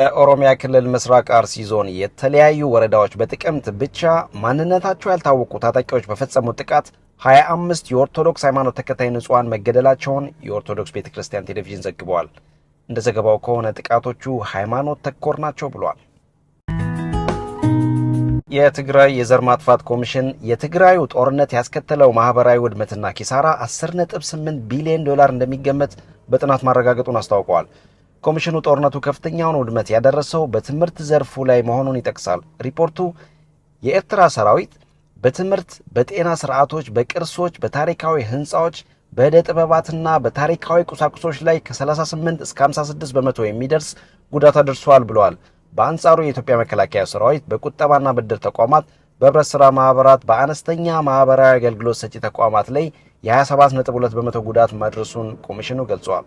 በኦሮሚያ ክልል ምስራቅ አርሲ ዞን የተለያዩ ወረዳዎች በጥቅምት ብቻ ማንነታቸው ያልታወቁ ታጣቂዎች በፈጸሙት ጥቃት 25 የኦርቶዶክስ ሃይማኖት ተከታይ ንጹሐን መገደላቸውን የኦርቶዶክስ ቤተ ክርስቲያን ቴሌቪዥን ዘግበዋል። እንደ ዘገባው ከሆነ ጥቃቶቹ ሃይማኖት ተኮር ናቸው ብሏል። የትግራይ የዘር ማጥፋት ኮሚሽን የትግራዩ ጦርነት ያስከተለው ማህበራዊ ውድመትና ኪሳራ 10.8 ቢሊዮን ዶላር እንደሚገመት በጥናት ማረጋገጡን አስታውቀዋል። ኮሚሽኑ ጦርነቱ ከፍተኛውን ውድመት ያደረሰው በትምህርት ዘርፉ ላይ መሆኑን ይጠቅሳል። ሪፖርቱ የኤርትራ ሰራዊት በትምህርት፣ በጤና ስርዓቶች፣ በቅርሶች፣ በታሪካዊ ህንፃዎች፣ በዕደ ጥበባትና በታሪካዊ ቁሳቁሶች ላይ ከ38 እስከ 56 በመቶ የሚደርስ ጉዳት አድርሷል ብለዋል። በአንጻሩ የኢትዮጵያ መከላከያ ሰራዊት በቁጠባና ብድር ተቋማት፣ በህብረት ሥራ ማህበራት፣ በአነስተኛ ማህበራዊ አገልግሎት ሰጪ ተቋማት ላይ የ27.2 በመቶ ጉዳት መድረሱን ኮሚሽኑ ገልጿል።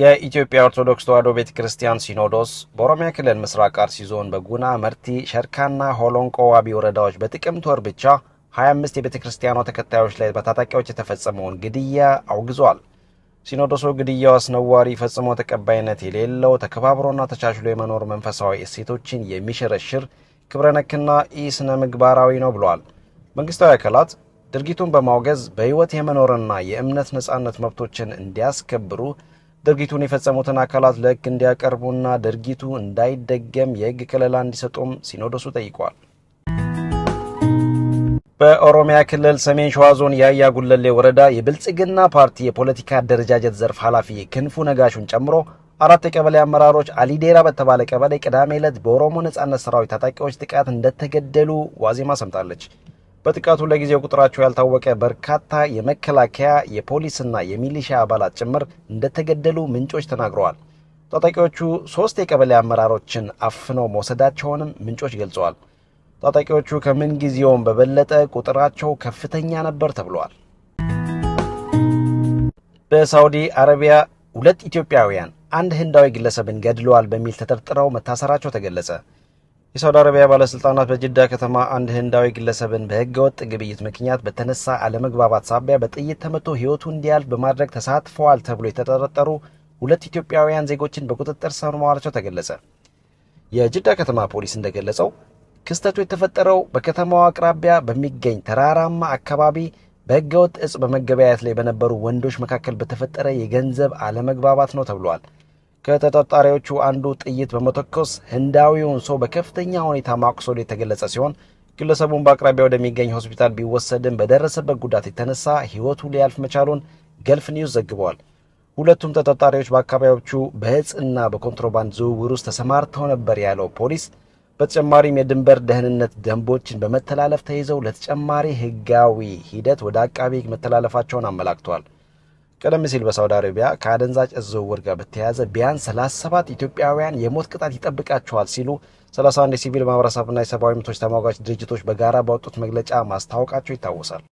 የኢትዮጵያ ኦርቶዶክስ ተዋሕዶ ቤተ ክርስቲያን ሲኖዶስ በኦሮሚያ ክልል ምስራቅ አርሲ ዞን በጉና መርቲ፣ ሸርካና ሆሎንቆ ዋቢ ወረዳዎች በጥቅምት ወር ብቻ 25 የቤተ ክርስቲያኗ ተከታዮች ላይ በታጣቂዎች የተፈጸመውን ግድያ አውግዟል። ሲኖዶሱ ግድያው አስነዋሪ፣ ፈጽሞ ተቀባይነት የሌለው ተከባብሮና ተቻችሎ የመኖር መንፈሳዊ እሴቶችን የሚሸረሽር ክብረነክና ኢስነ ምግባራዊ ነው ብሏል። መንግስታዊ አካላት ድርጊቱን በማውገዝ በሕይወት የመኖርና የእምነት ነጻነት መብቶችን እንዲያስከብሩ ድርጊቱን የፈጸሙትን አካላት ለሕግ እንዲያቀርቡና ድርጊቱ እንዳይደገም የሕግ ከለላ እንዲሰጡም ሲኖዶሱ ጠይቋል። በኦሮሚያ ክልል ሰሜን ሸዋ ዞን የአያ ጉለሌ ወረዳ የብልጽግና ፓርቲ የፖለቲካ አደረጃጀት ዘርፍ ኃላፊ ክንፉ ነጋሹን ጨምሮ አራት የቀበሌ አመራሮች አሊዴራ በተባለ ቀበሌ ቅዳሜ ዕለት በኦሮሞ ነጻነት ሰራዊት ታጣቂዎች ጥቃት እንደተገደሉ ዋዜማ ሰምታለች። በጥቃቱ ለጊዜው ቁጥራቸው ያልታወቀ በርካታ የመከላከያ የፖሊስና የሚሊሻ አባላት ጭምር እንደተገደሉ ምንጮች ተናግረዋል። ታጣቂዎቹ ሶስት የቀበሌ አመራሮችን አፍነው መውሰዳቸውንም ምንጮች ገልጸዋል። ታጣቂዎቹ ከምንጊዜውም በበለጠ ቁጥራቸው ከፍተኛ ነበር ተብሏል። በሳውዲ አረቢያ ሁለት ኢትዮጵያውያን አንድ ህንዳዊ ግለሰብን ገድለዋል በሚል ተጠርጥረው መታሰራቸው ተገለጸ። የሳውዲ አረቢያ ባለስልጣናት በጅዳ ከተማ አንድ ህንዳዊ ግለሰብን በህገወጥ ግብይት ምክንያት በተነሳ አለመግባባት ሳቢያ በጥይት ተመቶ ህይወቱ እንዲያልፍ በማድረግ ተሳትፈዋል ተብሎ የተጠረጠሩ ሁለት ኢትዮጵያውያን ዜጎችን በቁጥጥር ስር መዋላቸው ተገለጸ። የጅዳ ከተማ ፖሊስ እንደገለጸው ክስተቱ የተፈጠረው በከተማዋ አቅራቢያ በሚገኝ ተራራማ አካባቢ በህገወጥ እጽ በመገበያየት ላይ በነበሩ ወንዶች መካከል በተፈጠረ የገንዘብ አለመግባባት ነው ተብሏል። ከተጠርጣሪዎቹ አንዱ ጥይት በመተኮስ ህንዳዊውን ሰው በከፍተኛ ሁኔታ ማቁሰሉ የተገለጸ ሲሆን ግለሰቡን በአቅራቢያ ወደሚገኝ ሆስፒታል ቢወሰድም በደረሰበት ጉዳት የተነሳ ህይወቱ ሊያልፍ መቻሉን ገልፍ ኒውስ ዘግበዋል። ሁለቱም ተጠርጣሪዎች በአካባቢዎቹ በእጽና በኮንትሮባንድ ዝውውር ውስጥ ተሰማርተው ነበር ያለው ፖሊስ በተጨማሪም የድንበር ደህንነት ደንቦችን በመተላለፍ ተይዘው ለተጨማሪ ህጋዊ ሂደት ወደ አቃቤ ህግ መተላለፋቸውን አመላክቷል። ቀደም ሲል በሳውዲ አረቢያ ከአደንዛጭ ዝውውር ጋር በተያያዘ ቢያንስ 37 ኢትዮጵያውያን የሞት ቅጣት ይጠብቃቸዋል ሲሉ 31 የሲቪል ማህበረሰብና የሰብአዊ መብቶች ተሟጋች ድርጅቶች በጋራ ባወጡት መግለጫ ማስታወቃቸው ይታወሳል።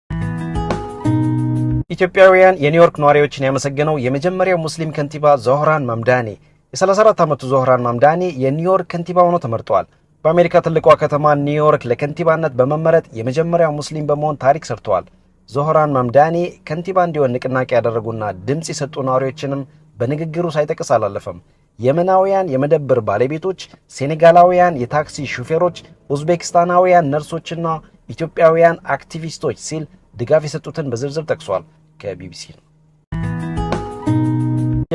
ኢትዮጵያውያን የኒውዮርክ ነዋሪዎችን ያመሰገነው የመጀመሪያው ሙስሊም ከንቲባ ዞህራን ማምዳኔ የ34 ዓመቱ ዞህራን ማምዳኒ የኒውዮርክ ከንቲባ ሆኖ ተመርጠዋል። በአሜሪካ ትልቋ ከተማ ኒውዮርክ ለከንቲባነት በመመረጥ የመጀመሪያው ሙስሊም በመሆን ታሪክ ሰርተዋል። ዞህራን ማምዳኒ ከንቲባ እንዲሆን ንቅናቄ ያደረጉና ድምፅ የሰጡ ነዋሪዎችንም በንግግሩ ሳይጠቅስ አላለፈም። የመናውያን የመደብር ባለቤቶች፣ ሴኔጋላውያን የታክሲ ሹፌሮች፣ ኡዝቤክስታናውያን ነርሶችና ኢትዮጵያውያን አክቲቪስቶች ሲል ድጋፍ የሰጡትን በዝርዝር ጠቅሷል። ከቢቢሲ ነው።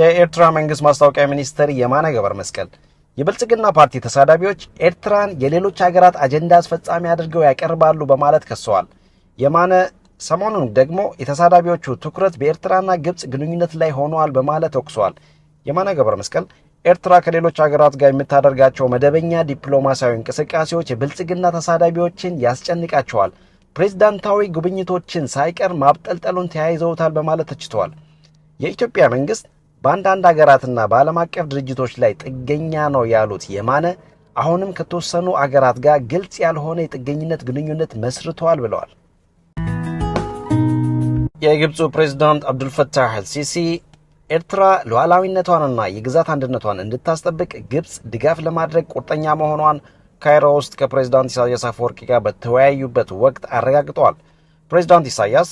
የኤርትራ መንግስት ማስታወቂያ ሚኒስትር የማነ ገብረ መስቀል የብልጽግና ፓርቲ ተሳዳቢዎች ኤርትራን የሌሎች ሀገራት አጀንዳ አስፈጻሚ አድርገው ያቀርባሉ በማለት ከሰዋል። የማነ ሰሞኑን ደግሞ የተሳዳቢዎቹ ትኩረት በኤርትራና ግብፅ ግንኙነት ላይ ሆኗል በማለት ወቅሰዋል። የማነ ገብረ መስቀል ኤርትራ ከሌሎች ሀገራት ጋር የምታደርጋቸው መደበኛ ዲፕሎማሲያዊ እንቅስቃሴዎች የብልጽግና ተሳዳቢዎችን ያስጨንቃቸዋል፣ ፕሬዝዳንታዊ ጉብኝቶችን ሳይቀር ማብጠልጠሉን ተያይዘውታል በማለት ተችተዋል። የኢትዮጵያ መንግስት በአንዳንድ ሀገራትና በዓለም አቀፍ ድርጅቶች ላይ ጥገኛ ነው ያሉት የማነ አሁንም ከተወሰኑ አገራት ጋር ግልጽ ያልሆነ የጥገኝነት ግንኙነት መስርተዋል ብለዋል። የግብፁ ፕሬዚዳንት አብዱልፈታህ አልሲሲ ኤርትራ ሉዓላዊነቷንና የግዛት አንድነቷን እንድታስጠብቅ ግብፅ ድጋፍ ለማድረግ ቁርጠኛ መሆኗን ካይሮ ውስጥ ከፕሬዚዳንት ኢሳያስ አፈወርቂ ጋር በተወያዩበት ወቅት አረጋግጠዋል። ፕሬዚዳንት ኢሳያስ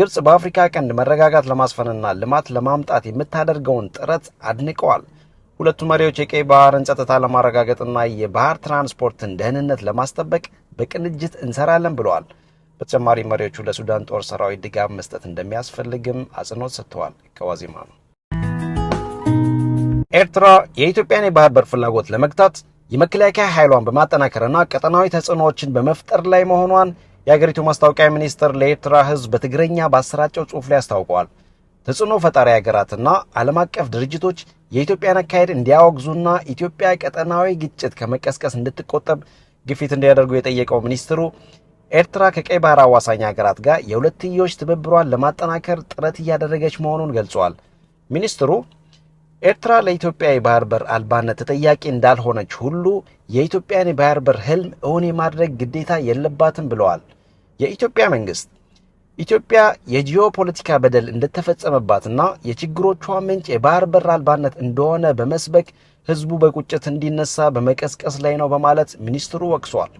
ግብፅ በአፍሪካ ቀንድ መረጋጋት ለማስፈንና ልማት ለማምጣት የምታደርገውን ጥረት አድንቀዋል። ሁለቱ መሪዎች የቀይ ባህርን ጸጥታ ለማረጋገጥና የባህር ትራንስፖርትን ደህንነት ለማስጠበቅ በቅንጅት እንሰራለን ብለዋል። በተጨማሪ መሪዎቹ ለሱዳን ጦር ሰራዊት ድጋፍ መስጠት እንደሚያስፈልግም አጽንኦት ሰጥተዋል። ከዋዜማ ነው። ኤርትራ የኢትዮጵያን የባህር በር ፍላጎት ለመግታት የመከላከያ ኃይሏን በማጠናከርና ቀጠናዊ ተጽዕኖዎችን በመፍጠር ላይ መሆኗን የአገሪቱ ማስታወቂያ ሚኒስትር ለኤርትራ ሕዝብ በትግረኛ ባሰራጨው ጽሑፍ ላይ አስታውቀዋል። ተጽዕኖ ፈጣሪ ሀገራትና ዓለም አቀፍ ድርጅቶች የኢትዮጵያን አካሄድ እንዲያወግዙና ኢትዮጵያ ቀጠናዊ ግጭት ከመቀስቀስ እንድትቆጠብ ግፊት እንዲያደርጉ የጠየቀው ሚኒስትሩ ኤርትራ ከቀይ ባህር አዋሳኝ ሀገራት ጋር የሁለትዮሽ ትብብሯን ለማጠናከር ጥረት እያደረገች መሆኑን ገልጿል። ሚኒስትሩ ኤርትራ ለኢትዮጵያ የባህር በር አልባነት ተጠያቂ እንዳልሆነች ሁሉ የኢትዮጵያን የባህር በር ህልም እውን የማድረግ ግዴታ የለባትም ብለዋል። የኢትዮጵያ መንግስት ኢትዮጵያ የጂኦፖለቲካ በደል እንደተፈጸመባትና የችግሮቿ ምንጭ የባህር በር አልባነት እንደሆነ በመስበክ ህዝቡ በቁጭት እንዲነሳ በመቀስቀስ ላይ ነው በማለት ሚኒስትሩ ወቅሷል።